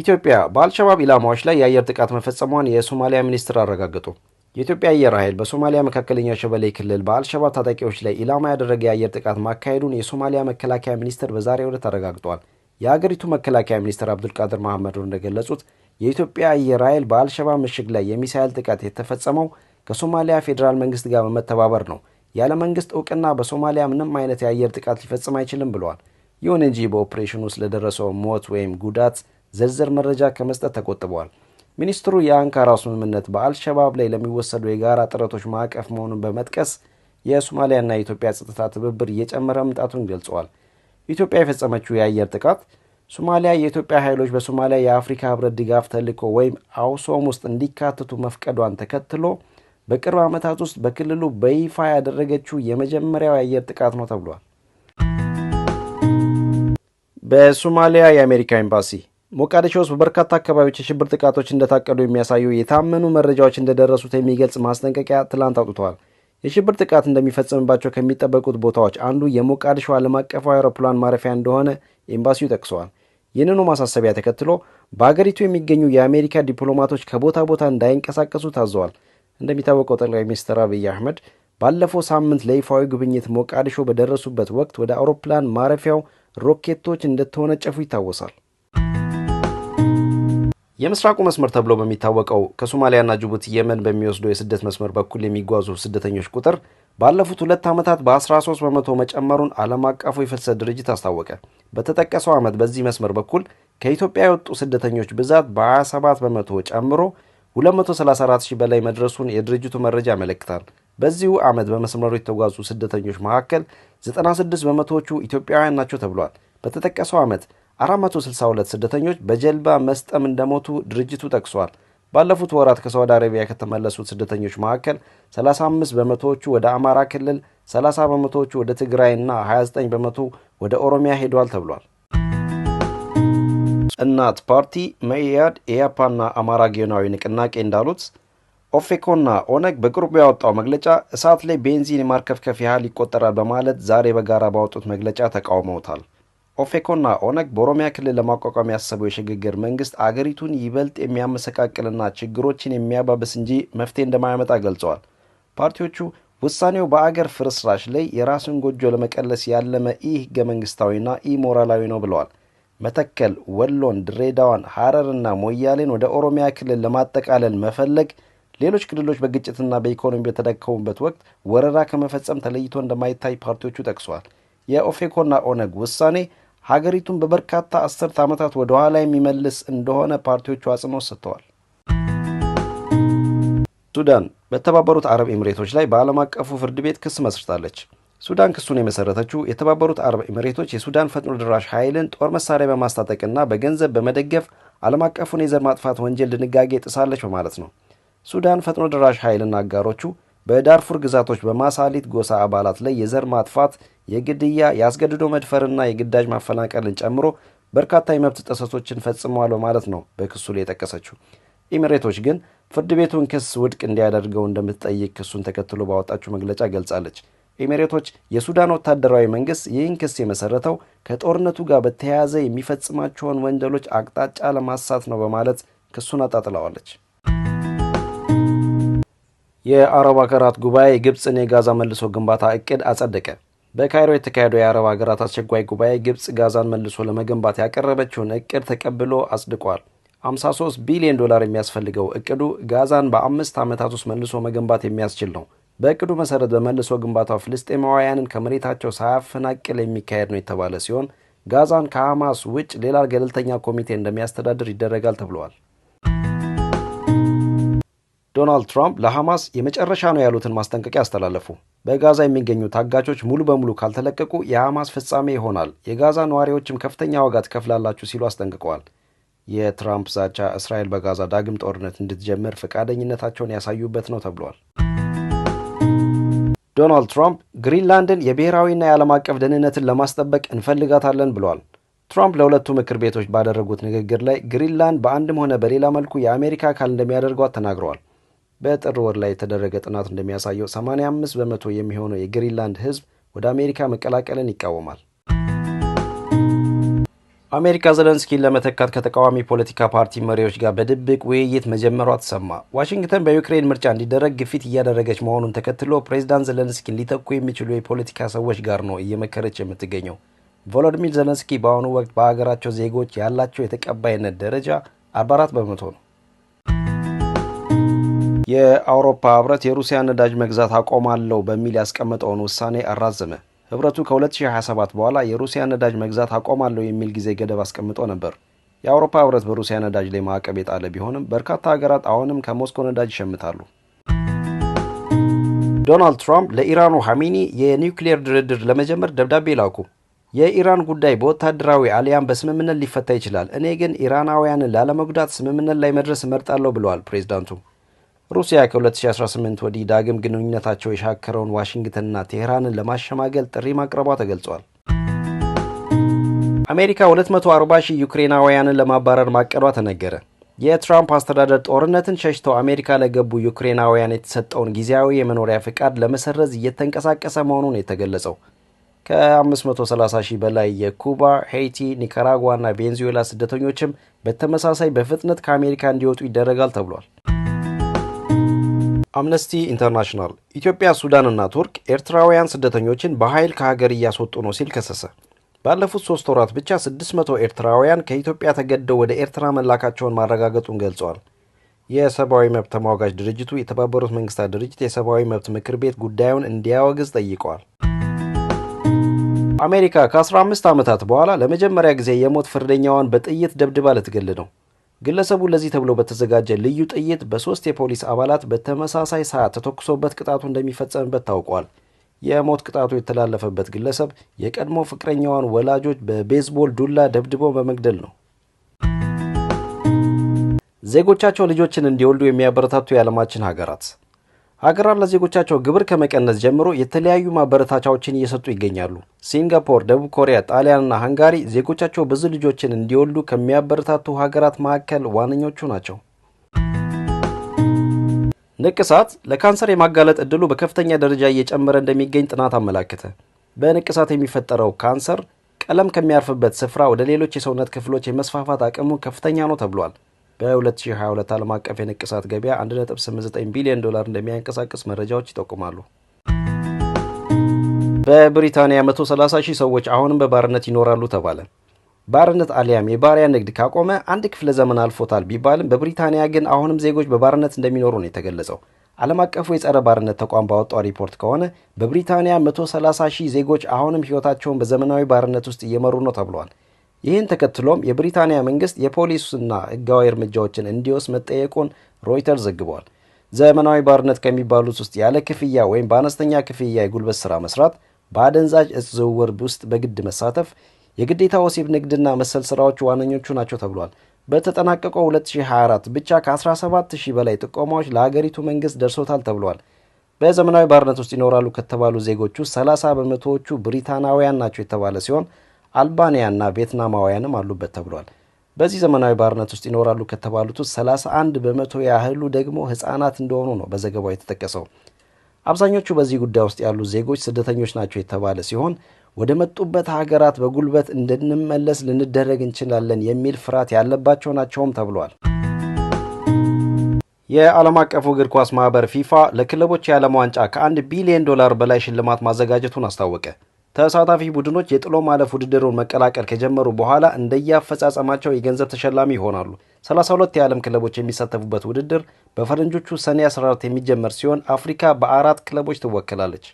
ኢትዮጵያ በአልሸባብ ኢላማዎች ላይ የአየር ጥቃት መፈጸሟን የሶማሊያ ሚኒስትር አረጋገጡ። የኢትዮጵያ አየር ኃይል በሶማሊያ መካከለኛ ሸበሌ ክልል በአልሸባብ ታጣቂዎች ላይ ኢላማ ያደረገ የአየር ጥቃት ማካሄዱን የሶማሊያ መከላከያ ሚኒስትር በዛሬው ዕለት አረጋግጧል። የአገሪቱ መከላከያ ሚኒስትር አብዱልቃድር መሐመድ እንደገለጹት የኢትዮጵያ አየር ኃይል በአልሸባብ ምሽግ ላይ የሚሳይል ጥቃት የተፈጸመው ከሶማሊያ ፌዴራል መንግስት ጋር በመተባበር ነው። ያለ መንግስት እውቅና በሶማሊያ ምንም አይነት የአየር ጥቃት ሊፈጽም አይችልም ብለዋል። ይሁን እንጂ በኦፕሬሽኑ ስለደረሰው ሞት ወይም ጉዳት ዝርዝር መረጃ ከመስጠት ተቆጥበዋል። ሚኒስትሩ የአንካራው ስምምነት በአልሸባብ ላይ ለሚወሰዱ የጋራ ጥረቶች ማዕቀፍ መሆኑን በመጥቀስ የሶማሊያና የኢትዮጵያ ጸጥታ ትብብር እየጨመረ መምጣቱን ገልጸዋል። ኢትዮጵያ የፈጸመችው የአየር ጥቃት ሶማሊያ የኢትዮጵያ ኃይሎች በሶማሊያ የአፍሪካ ህብረት ድጋፍ ተልዕኮ ወይም አውሶም ውስጥ እንዲካተቱ መፍቀዷን ተከትሎ በቅርብ ዓመታት ውስጥ በክልሉ በይፋ ያደረገችው የመጀመሪያው የአየር ጥቃት ነው ተብሏል። በሶማሊያ የአሜሪካ ኤምባሲ ሞቃዲሾ ውስጥ በበርካታ አካባቢዎች የሽብር ጥቃቶች እንደታቀዱ የሚያሳዩ የታመኑ መረጃዎች እንደደረሱት የሚገልጽ ማስጠንቀቂያ ትላንት አውጥተዋል። የሽብር ጥቃት እንደሚፈጸምባቸው ከሚጠበቁት ቦታዎች አንዱ የሞቃዲሾ ዓለም አቀፋዊ አውሮፕላን ማረፊያ እንደሆነ ኤምባሲው ጠቅሰዋል። ይህንኑ ማሳሰቢያ ተከትሎ በአገሪቱ የሚገኙ የአሜሪካ ዲፕሎማቶች ከቦታ ቦታ እንዳይንቀሳቀሱ ታዘዋል። እንደሚታወቀው ጠቅላይ ሚኒስትር አብይ አህመድ ባለፈው ሳምንት ለይፋዊ ጉብኝት ሞቃዲሾ በደረሱበት ወቅት ወደ አውሮፕላን ማረፊያው ሮኬቶች እንደተወነጨፉ ይታወሳል። የምስራቁ መስመር ተብሎ በሚታወቀው ከሶማሊያና ጅቡቲ የመን በሚወስደው የስደት መስመር በኩል የሚጓዙ ስደተኞች ቁጥር ባለፉት ሁለት ዓመታት በ13 በመቶ መጨመሩን ዓለም አቀፉ የፍልሰት ድርጅት አስታወቀ። በተጠቀሰው ዓመት በዚህ መስመር በኩል ከኢትዮጵያ የወጡ ስደተኞች ብዛት በ27 በመቶ ጨምሮ 234 ሺህ በላይ መድረሱን የድርጅቱ መረጃ ያመለክታል። በዚሁ ዓመት በመስመሩ የተጓዙ ስደተኞች መካከል 96 በመቶዎቹ ኢትዮጵያውያን ናቸው ተብሏል። በተጠቀሰው ዓመት 462 ስደተኞች በጀልባ መስጠም እንደሞቱ ድርጅቱ ጠቅሷል። ባለፉት ወራት ከሳውዲ አረቢያ ከተመለሱት ስደተኞች መካከል 35 በመቶዎቹ ወደ አማራ ክልል፣ 30 በመቶዎቹ ወደ ትግራይ እና 29 በመቶ ወደ ኦሮሚያ ሄዷል ተብሏል። እናት ፓርቲ፣ መኢአድ፣ ኢያፓና አማራ ጊዮናዊ ንቅናቄ እንዳሉት ኦፌኮና ኦነግ በቅርቡ ያወጣው መግለጫ እሳት ላይ ቤንዚን የማርከፍከፍ ያህል ይቆጠራል በማለት ዛሬ በጋራ ባወጡት መግለጫ ተቃውመውታል። ኦፌኮና ኦነግ በኦሮሚያ ክልል ለማቋቋም ያሰበው የሽግግር መንግስት አገሪቱን ይበልጥ የሚያመሰቃቅልና ችግሮችን የሚያባብስ እንጂ መፍትሄ እንደማያመጣ ገልጸዋል። ፓርቲዎቹ ውሳኔው በአገር ፍርስራሽ ላይ የራሱን ጎጆ ለመቀለስ ያለመ ኢ ህገ መንግስታዊና ኢ ሞራላዊ ነው ብለዋል። መተከል፣ ወሎን፣ ድሬዳዋን፣ ሀረርና ሞያሌን ወደ ኦሮሚያ ክልል ለማጠቃለል መፈለግ ሌሎች ክልሎች በግጭትና በኢኮኖሚ በተደከሙበት ወቅት ወረራ ከመፈጸም ተለይቶ እንደማይታይ ፓርቲዎቹ ጠቅሰዋል። የኦፌኮና ኦነግ ውሳኔ ሀገሪቱን በበርካታ አስርት ዓመታት ወደ ኋላ የሚመልስ እንደሆነ ፓርቲዎቹ አጽንኦት ሰጥተዋል። ሱዳን በተባበሩት አረብ ኤምሬቶች ላይ በዓለም አቀፉ ፍርድ ቤት ክስ መስርታለች። ሱዳን ክሱን የመሰረተችው የተባበሩት አረብ ኤምሬቶች የሱዳን ፈጥኖ ድራሽ ኃይልን ጦር መሳሪያ በማስታጠቅና በገንዘብ በመደገፍ ዓለም አቀፉን የዘር ማጥፋት ወንጀል ድንጋጌ ጥሳለች በማለት ነው። ሱዳን ፈጥኖ ድራሽ ኃይልና አጋሮቹ በዳርፉር ግዛቶች በማሳሊት ጎሳ አባላት ላይ የዘር ማጥፋት፣ የግድያ፣ የአስገድዶ መድፈርና የግዳጅ ማፈናቀልን ጨምሮ በርካታ የመብት ጥሰቶችን ፈጽመዋል በማለት ነው በክሱ ላይ የጠቀሰችው። ኢሚሬቶች ግን ፍርድ ቤቱን ክስ ውድቅ እንዲያደርገው እንደምትጠይቅ ክሱን ተከትሎ ባወጣችው መግለጫ ገልጻለች። ኤሚሬቶች የሱዳን ወታደራዊ መንግስት ይህን ክስ የመሰረተው ከጦርነቱ ጋር በተያያዘ የሚፈጽማቸውን ወንጀሎች አቅጣጫ ለማሳት ነው በማለት ክሱን አጣጥለዋለች። የአረብ ሀገራት ጉባኤ ግብፅን የጋዛ መልሶ ግንባታ እቅድ አጸደቀ። በካይሮ የተካሄደው የአረብ ሀገራት አስቸኳይ ጉባኤ ግብፅ ጋዛን መልሶ ለመገንባት ያቀረበችውን እቅድ ተቀብሎ አጽድቋል። 53 ቢሊዮን ዶላር የሚያስፈልገው እቅዱ ጋዛን በአምስት ዓመታት ውስጥ መልሶ መገንባት የሚያስችል ነው። በእቅዱ መሰረት በመልሶ ግንባታው ፍልስጤማውያንን ከመሬታቸው ሳያፈናቅል የሚካሄድ ነው የተባለ ሲሆን ጋዛን ከሐማስ ውጭ ሌላ ገለልተኛ ኮሚቴ እንደሚያስተዳድር ይደረጋል ተብለዋል። ዶናልድ ትራምፕ ለሐማስ የመጨረሻ ነው ያሉትን ማስጠንቀቂያ አስተላለፉ። በጋዛ የሚገኙ ታጋቾች ሙሉ በሙሉ ካልተለቀቁ የሐማስ ፍጻሜ ይሆናል፣ የጋዛ ነዋሪዎችም ከፍተኛ ዋጋ ትከፍላላችሁ ሲሉ አስጠንቅቀዋል። የትራምፕ ዛቻ እስራኤል በጋዛ ዳግም ጦርነት እንድትጀምር ፈቃደኝነታቸውን ያሳዩበት ነው ተብሏል። ዶናልድ ትራምፕ ግሪንላንድን የብሔራዊና የዓለም አቀፍ ደህንነትን ለማስጠበቅ እንፈልጋታለን ብሏል። ትራምፕ ለሁለቱ ምክር ቤቶች ባደረጉት ንግግር ላይ ግሪንላንድ በአንድም ሆነ በሌላ መልኩ የአሜሪካ አካል እንደሚያደርጓት ተናግረዋል። በጥር ወር ላይ የተደረገ ጥናት እንደሚያሳየው 85 በመቶ የሚሆነው የግሪንላንድ ህዝብ ወደ አሜሪካ መቀላቀልን ይቃወማል። አሜሪካ ዘለንስኪን ለመተካት ከተቃዋሚ ፖለቲካ ፓርቲ መሪዎች ጋር በድብቅ ውይይት መጀመሯ ተሰማ። ዋሽንግተን በዩክሬን ምርጫ እንዲደረግ ግፊት እያደረገች መሆኑን ተከትሎ ፕሬዚዳንት ዘለንስኪን ሊተኩ የሚችሉ የፖለቲካ ሰዎች ጋር ነው እየመከረች የምትገኘው። ቮሎዲሚር ዘለንስኪ በአሁኑ ወቅት በሀገራቸው ዜጎች ያላቸው የተቀባይነት ደረጃ 44 በመቶ ነው። የአውሮፓ ህብረት የሩሲያ ነዳጅ መግዛት አቆማለሁ በሚል ያስቀመጠውን ውሳኔ አራዘመ። ህብረቱ ከ2027 በኋላ የሩሲያ ነዳጅ መግዛት አቆማለሁ የሚል ጊዜ ገደብ አስቀምጦ ነበር። የአውሮፓ ህብረት በሩሲያ ነዳጅ ላይ ማዕቀብ የጣለ ቢሆንም በርካታ ሀገራት አሁንም ከሞስኮ ነዳጅ ይሸምታሉ። ዶናልድ ትራምፕ ለኢራኑ ሐሚኒ የኒውክሌር ድርድር ለመጀመር ደብዳቤ ላኩ። የኢራን ጉዳይ በወታደራዊ አሊያም በስምምነት ሊፈታ ይችላል፣ እኔ ግን ኢራናውያንን ላለመጉዳት ስምምነት ላይ መድረስ እመርጣለሁ ብለዋል ፕሬዚዳንቱ። ሩሲያ ከ2018 ወዲህ ዳግም ግንኙነታቸው የሻከረውን ዋሽንግተንና ቴህራንን ለማሸማገል ጥሪ ማቅረቧ ተገልጿል። አሜሪካ 240 ሺህ ዩክሬናውያንን ለማባረር ማቀዷ ተነገረ። የትራምፕ አስተዳደር ጦርነትን ሸሽተው አሜሪካ ለገቡ ዩክሬናውያን የተሰጠውን ጊዜያዊ የመኖሪያ ፍቃድ ለመሰረዝ እየተንቀሳቀሰ መሆኑን የተገለጸው ከ530 ሺህ በላይ የኩባ፣ ሄይቲ፣ ኒካራጓና ቬንዙዌላ ስደተኞችም በተመሳሳይ በፍጥነት ከአሜሪካ እንዲወጡ ይደረጋል ተብሏል። አምነስቲ ኢንተርናሽናል ኢትዮጵያ፣ ሱዳንና ቱርክ ኤርትራውያን ስደተኞችን በኃይል ከሀገር እያስወጡ ነው ሲል ከሰሰ። ባለፉት ሶስት ወራት ብቻ 600 ኤርትራውያን ከኢትዮጵያ ተገደው ወደ ኤርትራ መላካቸውን ማረጋገጡን ገልጸዋል። የሰብአዊ መብት ተሟጋጅ ድርጅቱ የተባበሩት መንግስታት ድርጅት የሰብአዊ መብት ምክር ቤት ጉዳዩን እንዲያወግዝ ጠይቀዋል። አሜሪካ ከ15 ዓመታት በኋላ ለመጀመሪያ ጊዜ የሞት ፍርደኛዋን በጥይት ደብድባ ልትገል ነው። ግለሰቡ ለዚህ ተብሎ በተዘጋጀ ልዩ ጥይት በሶስት የፖሊስ አባላት በተመሳሳይ ሰዓት ተተኩሶበት ቅጣቱ እንደሚፈጸምበት ታውቋል። የሞት ቅጣቱ የተላለፈበት ግለሰብ የቀድሞ ፍቅረኛዋን ወላጆች በቤዝቦል ዱላ ደብድቦ በመግደል ነው። ዜጎቻቸው ልጆችን እንዲወልዱ የሚያበረታቱ የዓለማችን ሀገራት ሀገራት ለዜጎቻቸው ግብር ከመቀነስ ጀምሮ የተለያዩ ማበረታቻዎችን እየሰጡ ይገኛሉ። ሲንጋፖር፣ ደቡብ ኮሪያ፣ ጣሊያንና ሃንጋሪ ዜጎቻቸው ብዙ ልጆችን እንዲወልዱ ከሚያበረታቱ ሀገራት መካከል ዋነኞቹ ናቸው። ንቅሳት ለካንሰር የማጋለጥ እድሉ በከፍተኛ ደረጃ እየጨመረ እንደሚገኝ ጥናት አመላክተ በንቅሳት የሚፈጠረው ካንሰር ቀለም ከሚያርፍበት ስፍራ ወደ ሌሎች የሰውነት ክፍሎች የመስፋፋት አቅሙ ከፍተኛ ነው ተብሏል። በ2022 ዓለም አቀፍ የንቅሳት ገበያ 1.89 ቢሊዮን ዶላር እንደሚያንቀሳቅስ መረጃዎች ይጠቁማሉ። በብሪታንያ 130 ሺህ ሰዎች አሁንም በባርነት ይኖራሉ ተባለ። ባርነት አሊያም የባሪያ ንግድ ካቆመ አንድ ክፍለ ዘመን አልፎታል ቢባልም በብሪታንያ ግን አሁንም ዜጎች በባርነት እንደሚኖሩ ነው የተገለጸው። ዓለም አቀፉ የጸረ ባርነት ተቋም ባወጣው ሪፖርት ከሆነ በብሪታንያ 130 ሺህ ዜጎች አሁንም ሕይወታቸውን በዘመናዊ ባርነት ውስጥ እየመሩ ነው ተብሏል። ይህን ተከትሎም የብሪታንያ መንግስት የፖሊስና ህጋዊ እርምጃዎችን እንዲወስድ መጠየቁን ሮይተር ዘግቧል። ዘመናዊ ባርነት ከሚባሉት ውስጥ ያለ ክፍያ ወይም በአነስተኛ ክፍያ የጉልበት ሥራ መስራት፣ በአደንዛዥ እጽ ዝውውር ውስጥ በግድ መሳተፍ፣ የግዴታ ወሲብ ንግድና መሰል ስራዎች ዋነኞቹ ናቸው ተብሏል። በተጠናቀቀው 2024 ብቻ ከ17 በላይ ጥቆማዎች ለሀገሪቱ መንግሥት ደርሶታል ተብሏል። በዘመናዊ ባርነት ውስጥ ይኖራሉ ከተባሉ ዜጎች ውስጥ 30 በመቶዎቹ ብሪታናውያን ናቸው የተባለ ሲሆን አልባንያና ቪየትናማውያንም አሉበት ተብሏል። በዚህ ዘመናዊ ባርነት ውስጥ ይኖራሉ ከተባሉት ውስጥ 31 በመቶ ያህሉ ደግሞ ህጻናት እንደሆኑ ነው በዘገባው የተጠቀሰው። አብዛኞቹ በዚህ ጉዳይ ውስጥ ያሉ ዜጎች ስደተኞች ናቸው የተባለ ሲሆን ወደ መጡበት ሀገራት በጉልበት እንድንመለስ ልንደረግ እንችላለን የሚል ፍርሃት ያለባቸው ናቸውም ተብሏል። የዓለም አቀፉ እግር ኳስ ማህበር ፊፋ ለክለቦች የዓለም ዋንጫ ከአንድ ቢሊዮን ዶላር በላይ ሽልማት ማዘጋጀቱን አስታወቀ። ተሳታፊ ቡድኖች የጥሎ ማለፍ ውድድሩን መቀላቀል ከጀመሩ በኋላ እንደየአፈጻጸማቸው የገንዘብ ተሸላሚ ይሆናሉ። 32 የዓለም ክለቦች የሚሳተፉበት ውድድር በፈረንጆቹ ሰኔ 14 የሚጀመር ሲሆን አፍሪካ በአራት ክለቦች ትወክላለች።